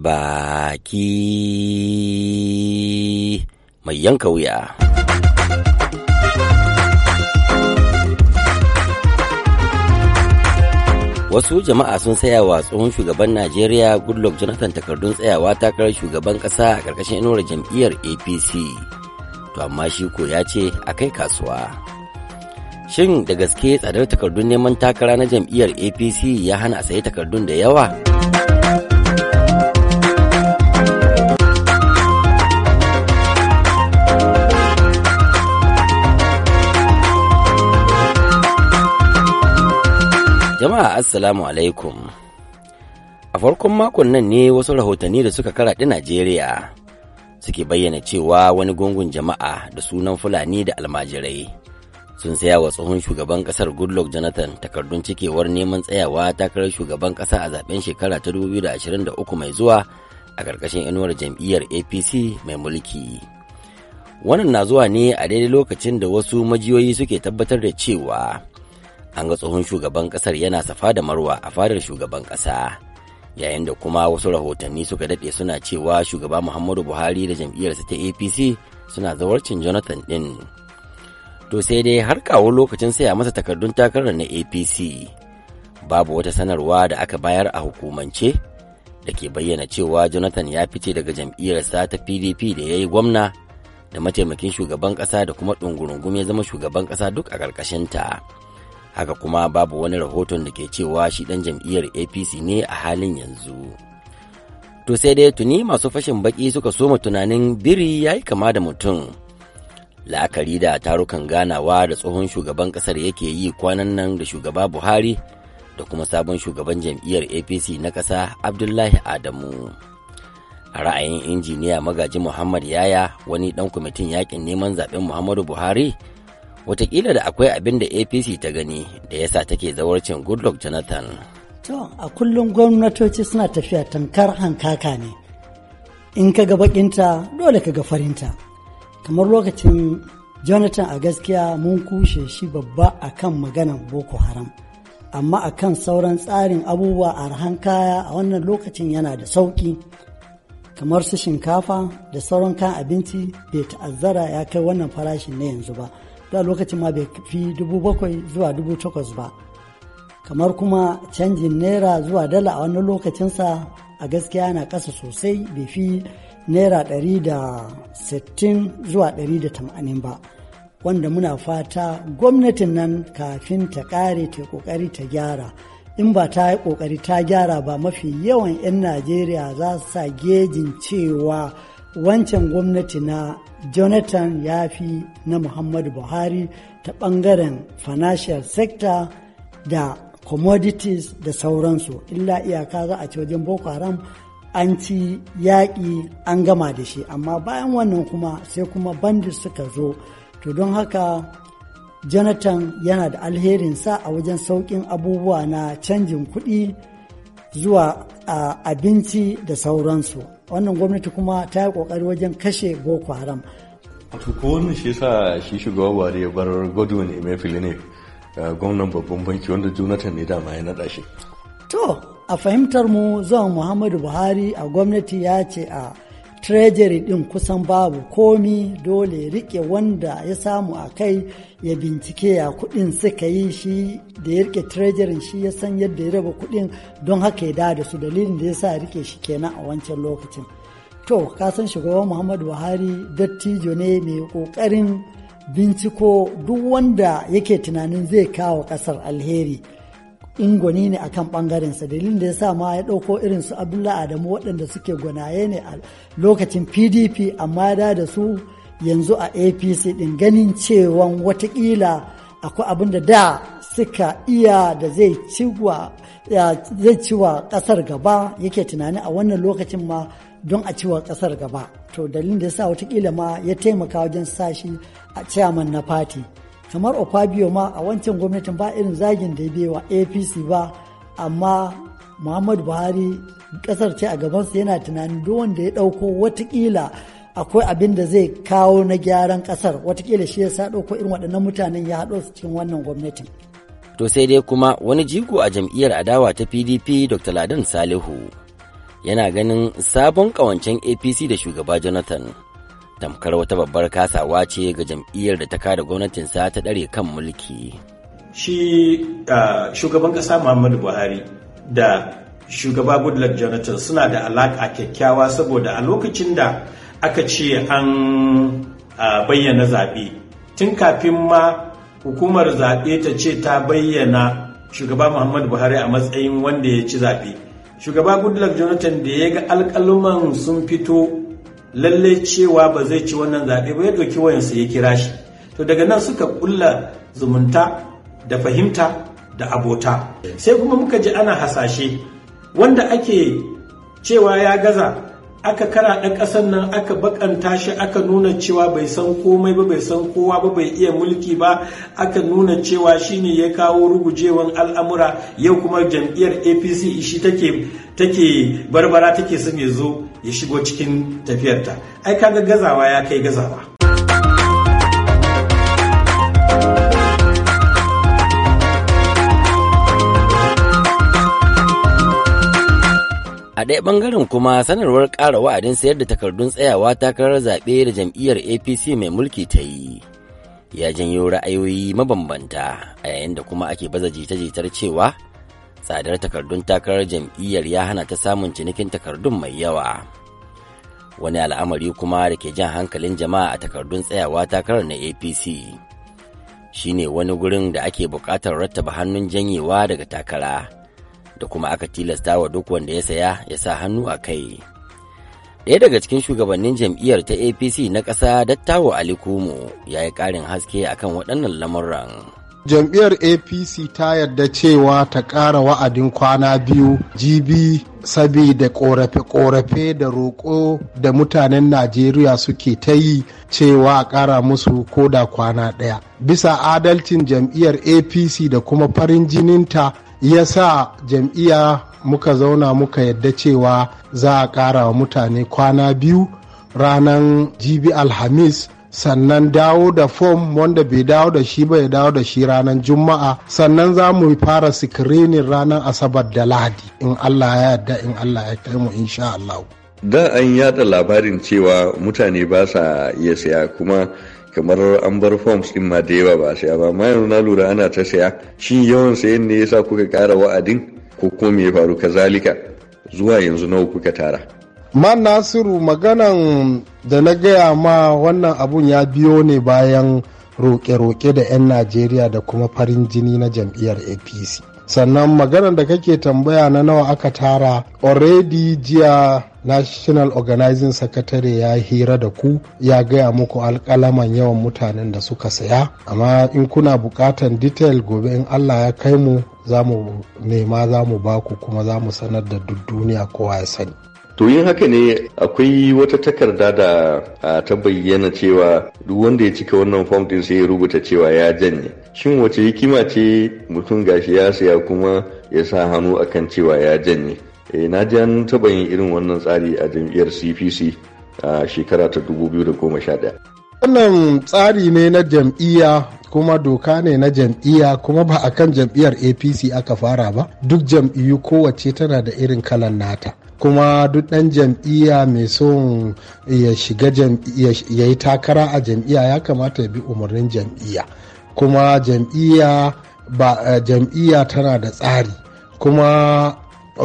baki mai yanka wuya. Wasu jama'a sun saya wa tsohon shugaban Najeriya Goodluck Jonathan takardun tsayawa takarar shugaban ƙasa a ƙarƙashin inuwar jam'iyyar APC. To amma shi ko ya ce a kai kasuwa. Shin da gaske tsadar takardun neman takara na jam'iyyar APC ya hana a sayi takardun da yawa? Jama'a Assalamu alaikum. A farkon makon nan ne wasu rahotanni da suka karaɗi Najeriya suke bayyana cewa wani gungun jama'a da sunan Fulani da almajirai sun saya wa tsohon shugaban kasar Goodluck Jonathan takardun cikewar neman tsayawa takarar shugaban kasa a zaben shekara ta 2023 mai zuwa a ƙarƙashin inuwar jam'iyyar APC mai mulki. Wannan na zuwa ne a daidai lokacin da wasu majiyoyi suke tabbatar da cewa an ga tsohon shugaban kasar yana safa da marwa a fadar shugaban kasa yayin da kuma wasu rahotanni suka daɗe suna cewa shugaba muhammadu buhari da jam'iyyarsa ta apc suna zawarcin jonathan ɗin to sai dai har kawo lokacin saya masa takardun takarar na apc babu wata sanarwa da aka bayar a hukumance da ke bayyana cewa jonathan ya fice daga jam'iyyarsa ta pdp da ya yi gwamna da mataimakin shugaban ƙasa da kuma ɗungurungum ya zama shugaban ƙasa duk a ƙarƙashinta. ta haka kuma babu wani rahoton da ke cewa shi ɗan jam'iyyar apc ne a halin yanzu to sai dai tuni masu fashin baki suka soma tunanin biri ya yi kama da mutum la'akari da tarukan ganawa da tsohon shugaban ƙasar yake yi kwanan nan da shugaba buhari da kuma sabon shugaban jam'iyyar apc na ƙasa abdullahi adamu a ra'ayin injiniya magaji muhammad yaya wani ɗan kwamitin yakin neman zaɓen muhammadu buhari Wataƙila da akwai abin da APC ta gani da yasa take zawarcin Goodluck Jonathan. To, a kullum gwamnatoci suna tafiya tankar hankaka ne. In ka ga bakinta dole ka ga farinta. Kamar lokacin Jonathan a gaskiya mun kushe shi babba a kan maganan Boko Haram. amma a kan sauran tsarin abubuwa a arhan kaya a wannan lokacin yana da sauƙi kamar su shinkafa da sauran kan abinci bai ta'azzara ya kai wannan farashin na yanzu ba da lokacin ma bai fi dubu bakwai zuwa dubu takwas ba kamar kuma canjin naira zuwa dala a wannan lokacinsa a gaskiya yana ƙasa sosai bai fi naira ɗari da sittin zuwa ɗari da tamanin ba wanda muna fata gwamnatin nan kafin ta ƙare ta ƙoƙari ta gyara in ba ta yi ƙoƙari ta gyara ba mafi yawan 'yan najeriya za su sa gejin cewa wancan gwamnati na jonathan ya fi na muhammadu buhari ta ɓangaren financial sector da commodities da sauransu illa iyaka za a ci wajen boko haram an ci yaƙi an gama da shi amma bayan wannan kuma sai kuma bandit suka zo to don haka jonathan yana da alherinsa a wajen sauƙin abubuwa na canjin kuɗi zuwa a abinci da sauransu wannan gwamnati kuma ta yi kokari wajen kashe boko haram ko wannan shi yasa shi shugaba buhari ya bar godun emefiele ne gwamnan babban banki wanda jonathan ne dama ya nada shi to a fahimtar mu zuwa muhammadu buhari a gwamnati ya ce a treasury din kusan babu komi dole rike wanda ya samu a kai ya bincike ya kuɗin suka yi shi da ya rike treasury shi ya san yadda ya raba kuɗi don haka ya da su dalilin da ya sa rike shi kenan a wancan lokacin to kasan shugaban muhammadu buhari dattijo ne mai kokarin binciko duk wanda yake tunanin zai kawo kasar alheri in gwani ne akan sa dalilin da ya sa ma ya ɗauko irin su abdullahi adamu waɗanda suke gwanaye ne a lokacin pdp amma da da su yanzu a apc ɗin ganin cewan watakila akwai abin da da suka iya da zai ciwa zai ciwa ƙasar gaba yake tunani a wannan lokacin ma don a ciwa ƙasar gaba to dalilin da ya sa watakila ma ya taimaka wajen sashi a chairman na party. kamar Okpabio ma a wancan gwamnatin ba irin zagin da ya wa APC ba amma Muhammadu Buhari kasar ce a gabansa yana tunanin duk wanda ya ɗauko watakila akwai abin da zai kawo na gyaran kasar watakila shi yasa ɗauko irin waɗannan mutanen ya haɗo su cikin wannan gwamnatin. To sai dai kuma wani jigo a jam'iyyar adawa ta PDP Dr. Ladan Salihu yana ganin sabon ƙawancen APC da shugaba Jonathan tamkar wata babbar kasawa ce ga jam'iyyar da ta kada gwamnatinsa ta ɗare kan mulki. Shi uh, shugaban ƙasa Muhammadu Buhari da shugaba Goodluck Jonathan suna da alaƙa kyakkyawa saboda a lokacin da aka ce an uh, bayyana zaɓe tun kafin ma hukumar zaɓe ta ce ta bayyana shugaba Muhammadu Buhari a matsayin wanda ya ci zaɓe. Shugaba Goodluck Jonathan da ya ga alƙaluman sun fito lallai cewa ba zai ci wannan zaɓe ba ya ɗauki wayansa ya kira shi to daga nan suka ƙulla zumunta da fahimta da abota sai kuma muka ji ana hasashe wanda ake cewa ya gaza aka ɗan ƙasar nan aka baƙanta shi aka nuna cewa bai san komai ba bai san kowa ba bai iya mulki ba aka nuna cewa shi ne ya kawo rugujewan al'amura yau kuma jam'iyyar apc shi take barbara take su ya zo ya shigo cikin tafiyarta ai kaga gazawa ya kai gazawa a ɗaya ɓangaren kuma sanarwar ƙara wa'adin sayar da takardun tsayawa takarar zaɓe da jam'iyyar apc mai mulki ta yi ya janyo ra'ayoyi mabambanta a yayin da kuma ake baza jita-jitar cewa tsadar takardun takarar jam'iyyar ya hana ta samun cinikin takardun mai yawa wani al'amari kuma da ke jan hankalin jama'a a takardun tsayawa takarar na apc shine wani gurin da ake buƙatar rattaba hannun janyewa daga takara da kuma aka tilasta wa duk wanda ya saya ya sa hannu a kai ɗaya daga cikin shugabannin jam'iyyar ta apc na ƙasa dattawa ali kumu ya yi ƙarin haske akan waɗannan lamuran. jam'iyyar apc ta yarda cewa ta ƙara wa'adin kwana biyu gb sabida ƙorafe ƙorafe da roƙo da mutanen najeriya suke ta yi cewa a ƙara musu koda kwana ɗaya bisa adalcin jam'iyyar apc da kuma farin jininta ya sa jam'iyya muka zauna muka yadda cewa za a ƙara wa mutane kwana biyu ranar jibi alhamis sannan dawo da fom wanda bai dawo da shi ba ya dawo da shi ranar juma'a sannan za mu fara sikirinin ranar asabar da lahadi in allah ya yarda in allah ya kai mu insha allah da an yada labarin cewa mutane ba sa iya saya kuma kamar an bar forms din ma da yawa ba saya ba amma yanzu na lura ana ta saya shi yawan sayan ne yasa kuka kara wa'adin ko ko me ya faru kazalika zuwa yanzu nawa kuka tara man nasiru maganan da na gaya ma wannan abun ya biyo ne bayan roƙe-roƙe da 'yan najeriya da kuma farin jini na jam'iyyar apc sannan maganar da kake tambaya na nawa aka tara already jiya national organizing secretary ya hira da ku ya gaya muku alkalaman yawan mutanen da suka saya amma in kuna bukatan detail gobe in allah ya kai mu za mu nema za mu baku kuma za mu sanar da duk duniya kowa ya sani to yin haka ne akwai wata takarda da ta bayyana cewa duk wanda ya cika wannan fom din sai ya rubuta cewa ya janye shin wace hikima ce mutum gashi ya saya kuma ya sa hannu akan cewa ya janye e na ji an taɓa yin irin wannan tsari a jam'iyyar cpc a shekara ta daya. wannan tsari ne na jam'iyya kuma doka ne na jam'iyya kuma ba a kan jam'iyyar apc aka fara ba duk jam'iyyu kowace tana da irin kalan nata kuma duk ɗan jam'iyya mai son ya shiga ya yi takara a jam'iyya ya kamata ya bi umarnin jam'iyya kuma eh, jam'iyya tana da tsari kuma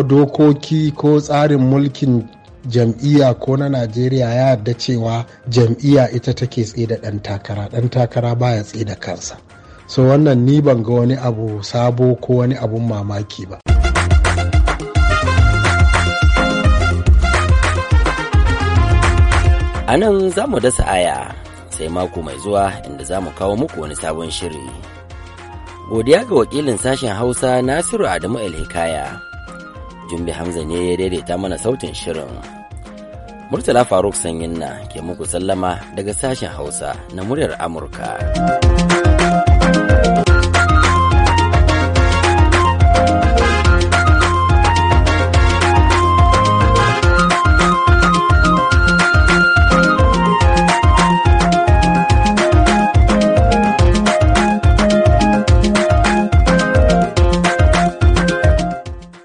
dokoki ko tsarin mulkin jam'iyya ko na najeriya ya yarda cewa jam'iyya ita take tsida ɗan takara ɗan takara baya tsida kansa so wannan ni ban ga wani abu sabo ko wani abun mamaki ba. A nan za mu dasa aya sai mako mai zuwa inda za mu kawo muku wani sabon shiri. Godiya ga wakilin sashen Hausa Nasiru Adamu Hikaya. Jumbi Hamza ne ya daidaita mana sautin shirin. Murtala Faruk Sanyin na ke muku sallama daga sashen Hausa na muryar Amurka.